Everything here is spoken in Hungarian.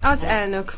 Az elnök.